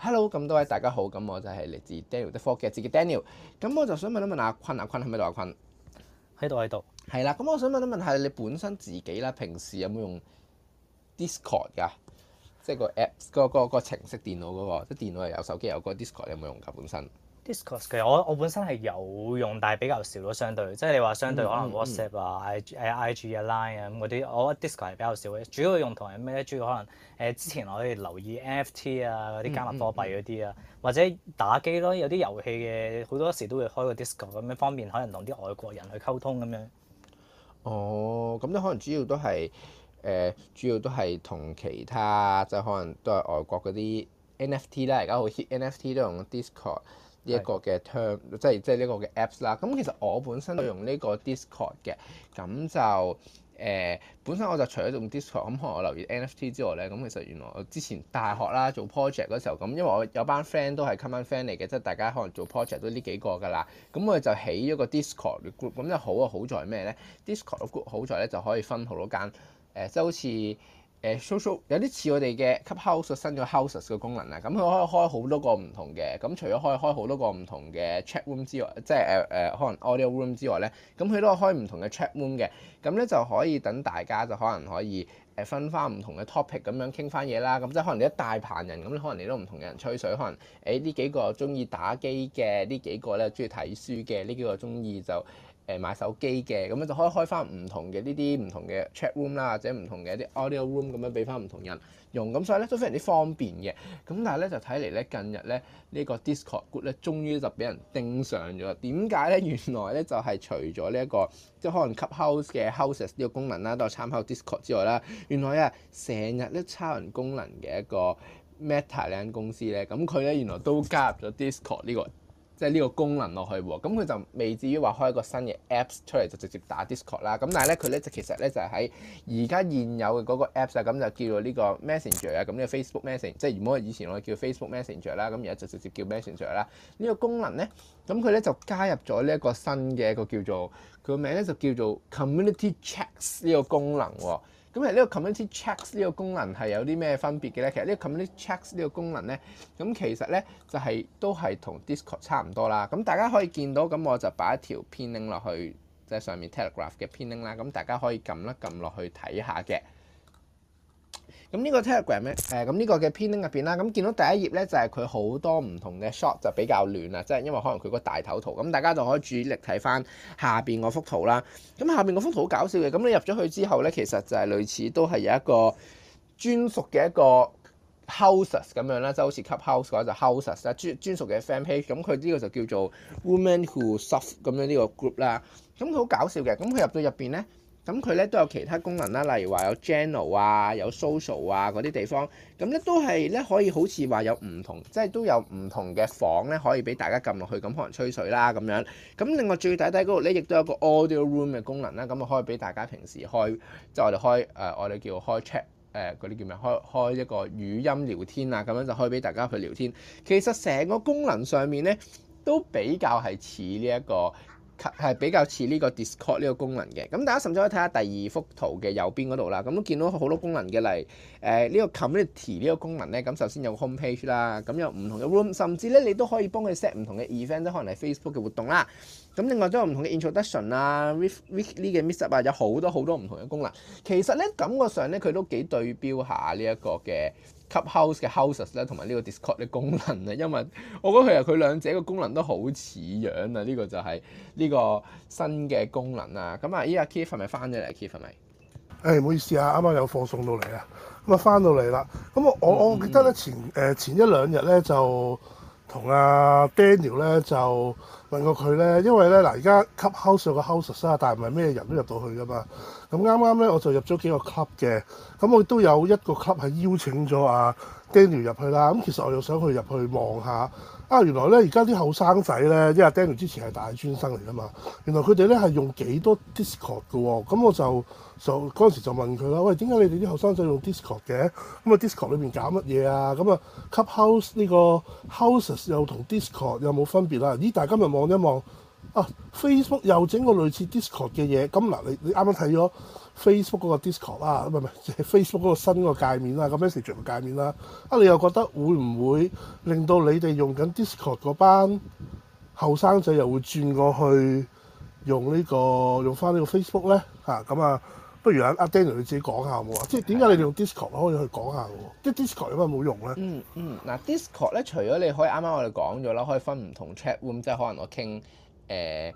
Hello，咁多位大家好，咁我就係嚟自 Daniel 的科技，自己 Daniel，咁我就想問一問，問阿坤，阿坤喺咪度？阿坤喺度，喺度。係啦，咁我想問一問係你本身自己啦，平時有冇用 Discord 噶？即係個 app，嗰個、嗰個程式電腦嗰個，即係電腦又有手機有嗰個 Discord 有冇用噶？本身。Discord 其實我我本身係有用，但係比較少咯。相對即係你話相對、嗯、可能 WhatsApp 啊、I IG、嗯、IG 啊、Line 啊嗰啲，我覺得 Discord 係比較少嘅。主要用途係咩咧？主要可能誒、呃、之前我哋留意 NFT 啊嗰啲加密貨幣嗰啲啊，或者打機咯。有啲遊戲嘅好多時都會開個 Discord 咁樣方便，可能同啲外國人去溝通咁樣。哦，咁你可能主要都係誒、呃，主要都係同其他即係、就是、可能都係外國嗰啲 NFT 啦。而家好 hit NFT 都用 Discord。一個嘅 term 即係即係呢個嘅 apps 啦。咁其實我本身都用呢個 Discord 嘅，咁就誒、呃、本身我就除咗用 Discord 咁可能我留意 NFT 之外咧，咁其實原來我之前大學啦做 project 嗰時候咁，因為我有班 friend 都係 common friend 嚟嘅，即係大家可能做 project 都呢幾個噶啦。咁我哋就起咗個 Discord group，咁就好啊。好在咩咧？Discord group 好在咧就可以分好多間、呃、好多間誒，即係好似。誒 so、呃、social 有啲似我哋嘅，Clubhouse 新咗 house 嘅功能啦，咁、嗯、佢可以開好多個唔同嘅，咁、嗯、除咗可以開好多個唔同嘅 chat room 之外，即係誒誒可能 audio room 之外咧，咁、嗯、佢都可以開唔同嘅 chat room 嘅，咁、嗯、咧、嗯、就可以等大家就可能可以誒分翻唔同嘅 topic 咁樣傾翻嘢啦，咁、嗯、即係可能你一大棚人，咁、嗯、你可能你都唔同嘅人吹水，可能誒呢、欸、幾個中意打機嘅，呢幾個咧中意睇書嘅，呢幾個中意就。誒買手機嘅咁樣就可以開翻唔同嘅呢啲唔同嘅 chat room 啦，或者唔同嘅一啲 audio room 咁樣俾翻唔同人用，咁所以咧都非常之方便嘅。咁但係咧就睇嚟咧，近日咧呢個 Discord Good 咧，終於就俾人盯上咗。點解咧？原來咧就係除咗呢一個即係可能 Clubhouse 嘅 houses 呢個功能啦，都係參考 Discord 之外啦，原來啊成日咧抄人功能嘅一個 Meta 呢間公司咧，咁佢咧原來都加入咗 Discord 呢個。即係呢個功能落去喎，咁佢就未至於話開一個新嘅 Apps 出嚟就直接打 Discord 啦。咁但係咧，佢咧就其實咧就係喺而家現有嘅嗰個 Apps 啊，咁就叫做呢個 Messenger 啊，咁呢個 Facebook Messenger，即係如果以前我哋叫 Facebook Messenger 啦，咁而家就直接叫 Messenger 啦。呢個功能咧，咁佢咧就加入咗呢一個新嘅一個叫做佢個名咧就叫做 Community Chats 呢個功能喎。咁係呢個 Community Checks 呢個功能係有啲咩分別嘅咧？其實呢個 Community Checks 呢個功能咧，咁其實咧就係、是、都係同 Discord 差唔多啦。咁大家可以見到，咁我就把一條編 link 落去即係、就是、上面 t e l e g r a p h 嘅編 link 啦。咁大家可以撳一撳落去睇下嘅。咁呢個 Telegram 咧、呃，誒咁呢個嘅編拎入邊啦，咁見到第一頁咧就係佢好多唔同嘅 shot 就比較亂啦，即係因為可能佢個大頭圖，咁大家就可以注意力睇翻下邊嗰幅圖啦。咁下邊嗰幅圖好搞笑嘅，咁你入咗去之後咧，其實就係類似都係有一個專屬嘅一個 houses 咁樣啦，即係好似 club house 嘅話就 houses 啦，專專屬嘅 fan page。咁佢呢個就叫做 woman who soft 咁樣呢個 group 啦。咁佢好搞笑嘅，咁佢入到入邊咧。咁佢咧都有其他功能啦，例如話有 channel 啊、有 social 啊嗰啲地方，咁咧都係咧可以好似話有唔同，即係都有唔同嘅房咧可以俾大家撳落去，咁可能吹水啦咁樣。咁另外最底底嗰度咧亦都有個 audio room 嘅功能啦，咁可以俾大家平時開，即係我哋開誒、呃、我哋叫開 chat 誒嗰啲叫咩？開開一個語音聊天啊，咁樣就開俾大家去聊天。其實成個功能上面咧都比較係似呢一個。係比較似呢個 Discord 呢個功能嘅，咁大家甚至可以睇下第二幅圖嘅右邊嗰度啦，咁都見到好多功能嘅，例如誒呢個 Community 呢個功能呢。咁首先有個 Homepage 啦，咁有唔同嘅 Room，甚至呢你都可以幫佢 set 唔同嘅 Event，可能係 Facebook 嘅活動啦。咁另外都有唔同嘅 introduction 啦，weekly 嘅 mix up 啊，有好多好多唔同嘅功能。其實咧感覺上咧，佢都幾對標下呢一個嘅 Clubhouse 嘅 houses 咧，同埋呢個 Discord 嘅功能咧。因為我覺得其實佢兩者嘅功能都好似樣，這個、啊。呢個就係呢個新嘅功能啊。咁啊、哎，依家 Keith 係咪翻咗嚟？Keith 係咪？誒，唔好意思啊，啱啱有貨送到嚟啊，咁啊翻到嚟啦。咁我我記得咧前誒前一兩日咧就。同阿 Daniel 咧就問過佢咧，因為咧嗱，而家 clubhouse 有個 house 啊，但唔係咩人都入到去噶嘛。咁啱啱咧，我就入咗幾個 club 嘅，咁我都有一個 club 係邀請咗阿 Daniel 入去啦。咁其實我又想去入去望下。啊，原來咧，而家啲後生仔咧，因為 Daniel 之前係大專生嚟㗎嘛，原來佢哋咧係用幾多 Discord 㗎喎，咁我就就嗰陣時就問佢啦，喂，點解你哋啲後生仔用 Discord 嘅？咁啊，Discord 裏邊搞乜嘢啊？咁啊，Clubhouse 呢個 House 又同 Discord 有冇分別啊？咦，大家今日望一望。啊、Facebook 又整個類似 Discord 嘅嘢，咁嗱，你你啱啱睇咗 Facebook 嗰個 Discord 啦、啊，唔係唔係，係、即係、Facebook 嗰個新個界面啦，個 Messenger 嘅界面啦，啊，你又覺得會唔會令到你哋用緊 Discord 嗰班後生仔又會轉過去用、呢個、用個呢個用翻呢個 Facebook 咧？嚇、啊、咁啊，不如阿、啊、Daniel 你自己講下好冇啊？即係點解你哋用 Discord 可以去講下嘅？即係 Discord 有乜冇用咧？嗯嗯，嗱、啊、Discord 咧，除咗你可以啱啱我哋講咗啦，可以分唔同 chat room 即係可能我傾。誒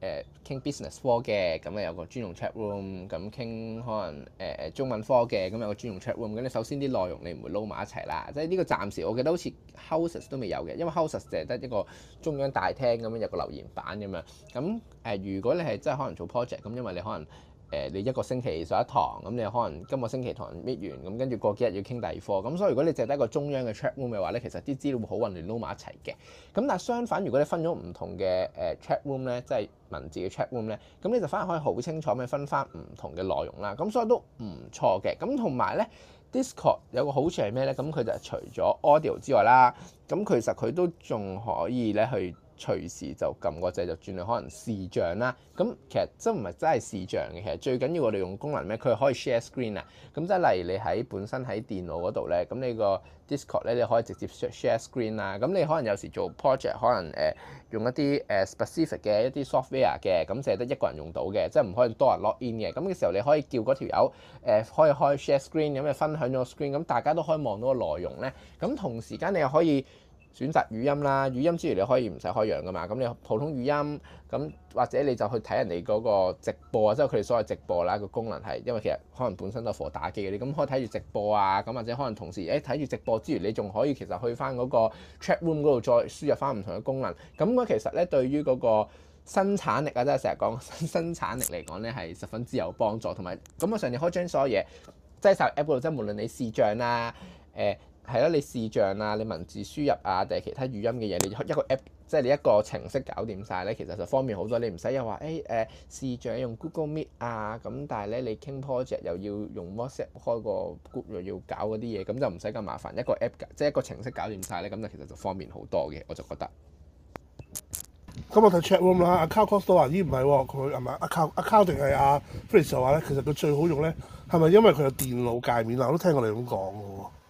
誒傾 business 科嘅，咁咧有個專用 chat room，咁傾可能誒誒中文科嘅，咁有個專用 chat room。咁你首先啲內容你唔會撈埋一齊啦，即係呢個暫時我記得好似 houses 都未有嘅，因為 houses 淨係得一個中央大廳咁樣有個留言板咁樣。咁誒、呃，如果你係真係可能做 project，咁因為你可能。誒你一個星期上一堂，咁你可能今個星期堂搣完，咁跟住過幾日要傾第二課，咁所以如果你淨係得一個中央嘅 chat room 嘅話咧，其實啲資料會好混亂撈埋一齊嘅。咁但係相反，如果你分咗唔同嘅誒 chat room 咧，即係文字嘅 chat room 咧，咁你就反而可以好清楚咁分翻唔同嘅內容啦。咁所以都唔錯嘅。咁同埋咧，Discord 有個好處係咩咧？咁佢就係除咗 audio 之外啦，咁其實佢都仲可以咧去。隨時就撳個掣就轉去可能視像啦，咁其實真唔係真係視像嘅，其實最緊要我哋用功能咧，佢可以 share screen 啊，咁即係例如你喺本身喺電腦嗰度咧，咁你個 Discord 咧你可以直接 share screen 啊，咁你可能有時做 project，可能誒、呃、用一啲誒 specific 嘅一啲 software 嘅，咁淨係得一個人用到嘅，即係唔可以多人 lock in 嘅，咁嘅時候你可以叫嗰條友誒可以開 share screen，咁你分享咗 screen，咁大家都可以望到個內容咧，咁同時間你又可以。選擇語音啦，語音之餘你可以唔使開樣噶嘛，咁你普通語音，咁或者你就去睇人哋嗰個直播啊，即係佢哋所謂直播啦個功能係，因為其實可能本身都係俾打機嘅。你咁可以睇住直播啊，咁或者可能同時誒睇住直播之餘，你仲可以其實去翻嗰個 chat room 嗰度再輸入翻唔同嘅功能，咁其實咧對於嗰個生產力啊，即係成日講生產力嚟講咧係十分之有幫助，同埋咁我甚至可以將所有嘢擠曬喺 app 度，即係無論你視像啊，誒、呃。係咯、啊，你視像啊，你文字輸入啊，定係其他語音嘅嘢，你一個 app 即係你一個程式搞掂晒咧，其實就方便好多。你唔使又話誒誒視像用 Google Meet 啊，咁但係咧你傾 project 又要用 WhatsApp 開個 group 又要搞嗰啲嘢，咁就唔使咁麻煩。一個 app 即係一個程式搞掂晒咧，咁就其實就方便好多嘅。我就覺得咁、嗯、我就 chat room 啦、啊。阿 Carl Costello 咦唔係喎，佢係咪阿 Carl 阿 Carl 定係阿 Felix 話咧？其實佢最好用咧係咪因為佢有電腦介面啊？我都聽過你咁講嘅喎。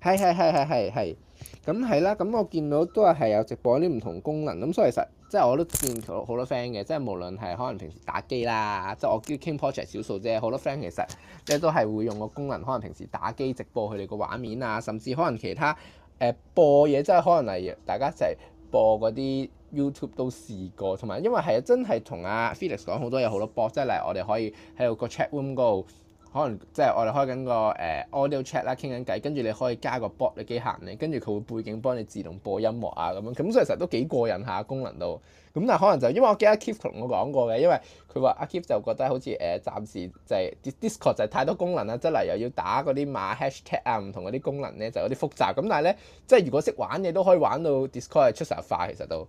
係係係係係係，咁係啦，咁我見到都係係有直播啲唔同功能，咁所以其實即係我都見到好多 friend 嘅，即係無論係可能平時打機啦，即係我主要傾 project 少數啫，好多 friend 其實即係都係會用個功能，可能平時打機直播佢哋個畫面啊，甚至可能其他誒、呃、播嘢，即係可能例如大家一齊播嗰啲 YouTube 都試過，同埋因為係啊，真係同阿 Felix 講好多嘢好多波，即係例如我哋可以喺度個 chat room 度。可能即係我哋開緊個誒 audio chat 啦，傾緊偈。跟住你可以加個 bot 嘅機械人咧，跟住佢會背景幫你自動播音樂啊咁樣咁，所以其實都幾過癮下功能度。咁但係可能就因為我記得阿 Keep 同我講過嘅，因為佢話阿 Keep 就覺得好似誒暫時就係 Discord 就係太多功能啦，即係又要打嗰啲碼 hash tag 啊，唔同嗰啲功能咧就有啲複雜。咁但係咧即係如果識玩嘅都可以玩到 Discord 出神快，其實都。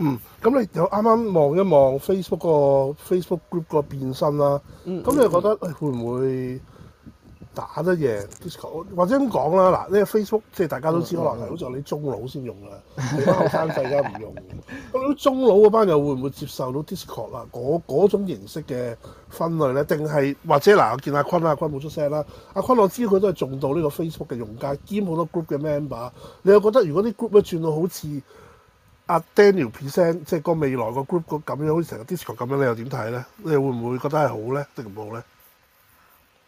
嗯，咁你又啱啱望一望 Facebook 個 Facebook group 個變身啦，咁、嗯、你又覺得誒會唔會打得贏 Discord、嗯嗯、或者咁講啦嗱，呢、呢個、Facebook 即係大家都知可能係好似啲中老先用啦， 你後生細家唔用。咁中老嗰班又會唔會接受到 Discord 啦？嗰種形式嘅分類咧，定係或者嗱？我見阿坤阿坤冇出聲啦。阿坤，阿坤我知佢都係中到呢個 Facebook 嘅用家，兼好多 group 嘅 member。你又覺得如果啲 group 一轉到好似？阿 Daniel present 即係個未來個 group 個咁樣，好似成個 Discord 咁樣，你又點睇咧？你會唔會覺得係好咧？定唔好咧？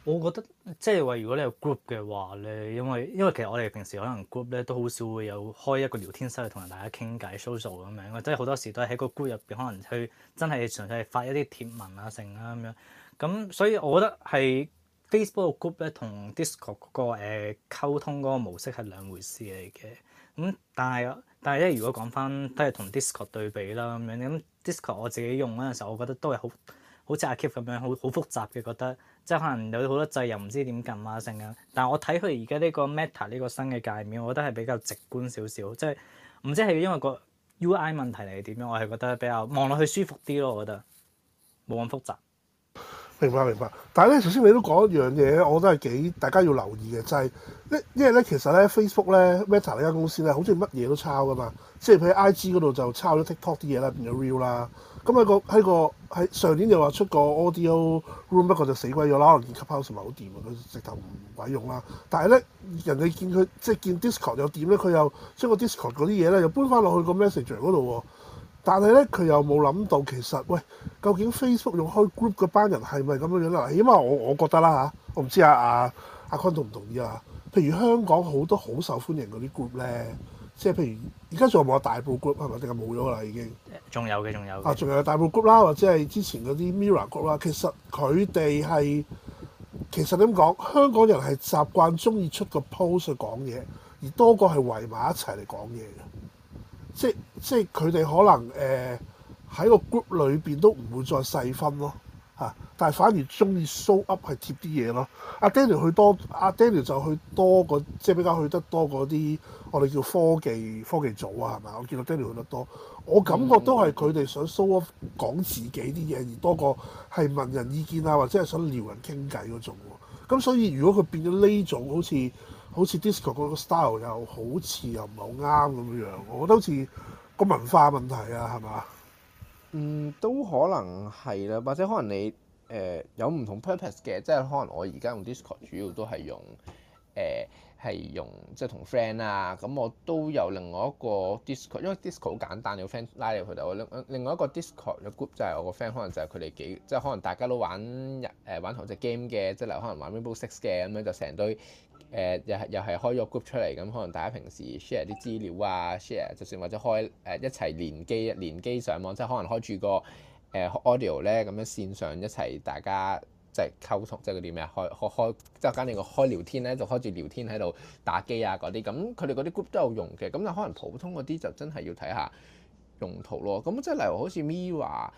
我覺得即係話，如果你有 group 嘅話咧，因為因為其實我哋平時可能 group 咧都好少會有開一個聊天室去同人大家傾偈、social 咁樣，或者好多時都喺個 group 入邊可能去真係純粹發一啲貼文啊、性啊咁樣。咁所以，我覺得係。Facebook group 呢、那個 group 咧同 Discord 嗰個溝通嗰個模式係兩回事嚟嘅，咁、嗯、但係但係咧，如果講翻都係同 Discord 對比啦咁樣，咁 Discord 我自己用嗰陣時候，我覺得都係好好似阿 Kit 咁樣，好好複雜嘅，覺得即係可能有好多掣又唔知點撳啊，剩啊。但係我睇佢而家呢個 Meta 呢個新嘅界面，我覺得係比較直觀少少，即係唔知係因為個 UI 問題嚟定點樣，我係覺得比較望落去舒服啲咯，我覺得冇咁複雜。明白，明白。但係咧，頭先你都講一樣嘢，我覺得係幾大家要留意嘅，就係、是，因因為咧，其實咧，Facebook 咧，Meta 呢間公司咧，好似乜嘢都抄㗎嘛。即係佢喺 IG 嗰度就抄咗 TikTok 啲嘢啦，變咗 Reel 啦。咁、嗯、喺、嗯那個喺個喺上年就話出個 Audio Room，不過就死鬼咗啦。Encapsulation 唔係好掂啊，佢直頭唔鬼用啦。但係咧，人哋見佢即係見 Discord 有點咧，佢又將個 Discord 嗰啲嘢咧又搬翻落去個 Messenger 嗰度喎、哦。但係咧，佢又冇諗到，其實喂，究竟 Facebook 用開 group 嗰班人係咪咁樣樣咧？因為我我覺得啦嚇，我唔知啊啊啊坤同唔同意啊？譬如香港好多好受歡迎嗰啲 group 咧，即係譬如而家仲有冇大埔 group 係咪？定係冇咗啦已經？仲有嘅，仲有啊，仲有大埔 group 啦，或者係之前嗰啲 Mirror group 啦。其實佢哋係其實點講？香港人係習慣中意出個 post 去講嘢，而多過係圍埋一齊嚟講嘢嘅。即即佢哋可能誒喺、呃、個 group 裏邊都唔會再細分咯嚇、啊，但係反而中意 show up 係貼啲嘢咯。阿、啊、Daniel 去多，阿、啊、Daniel 就去多個即係比較去得多嗰啲，我哋叫科技科技組啊係咪？我見到 Daniel 去得多，我感覺都係佢哋想 show up 講自己啲嘢，而多過係問人意見啊，或者係想撩人傾偈嗰種喎。咁所以如果佢變咗呢種好似～好似 Discord 個 style 又好似又唔係好啱咁樣，我覺得好似個文化問題啊，係嘛？嗯，都可能係啦，或者可能你誒、呃、有唔同 purpose 嘅，即係可能我而家用 Discord 主要都係用誒。呃係用即係同 friend 啊，咁我都有另外一個 Discord 因為 Discord 好簡單，你個 friend 拉你去到。另另外一個 Discord 嘅 group 就係我個 friend，可能就係佢哋幾，即係可能大家都玩日、呃、玩同隻 game 嘅，即係可能玩 Rainbow Six 嘅咁樣就，就成堆誒又係又係開咗 group 出嚟，咁可能大家平時 share 啲資料啊，share 就算或者開誒、呃、一齊連機連機上網，即係可能開住個誒、呃、audio 咧咁樣線上一齊大家。即係溝通，即係嗰啲咩啊，開開開，即係揀你個開聊天咧，就開住聊天喺度打機啊嗰啲，咁佢哋嗰啲 group 都有用嘅，咁但可能普通嗰啲就真係要睇下用途咯。咁即係例如好似 Mirror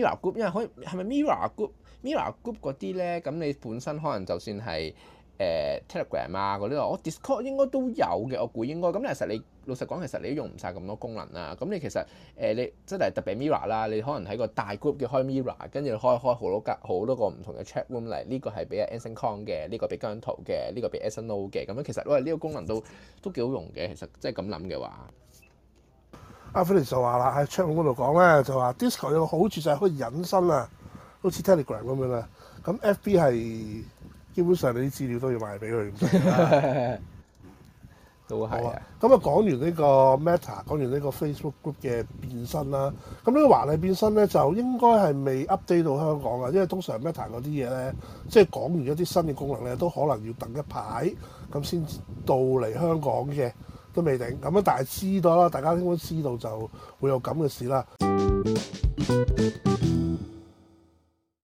Mirror Group，因為可以係咪 Mirror Group Mirror Group 嗰啲咧？咁你本身可能就算係。誒、嗯、Telegram 啊嗰啲我 Discord 應該都有嘅，我估應該。咁其實你老實講，其實你都用唔晒咁多功能啦。咁你其實誒、呃、你真係特別 MIRROR 啦，你可能喺個大 group 嘅開 MIRROR 跟住開開好多間好多個唔同嘅 chat room 嚟。呢、這個係俾阿 Anson Kong 嘅，呢、這個俾姜濤嘅，呢個俾 Anson Lo 嘅。咁樣其實嚟呢個功能都都幾好用嘅。其實即係咁諗嘅話，阿 Felix 就話啦喺 chat room 嗰度講咧，就話 Discord 有個好處就係可以隱身啊，好似 Telegram 咁樣啦。咁 FB 係。基本上你啲資料都要賣俾佢， 都係啊。咁啊講完呢個 Meta，講完呢個 Facebook Group 嘅變身啦。咁呢個華麗變身咧，就應該係未 update 到香港啊。因為通常 Meta 嗰啲嘢咧，即係講完一啲新嘅功能咧，都可能要等一排咁先至到嚟香港嘅，都未定。咁樣，但係知道啦，大家應該知道就會有咁嘅事啦。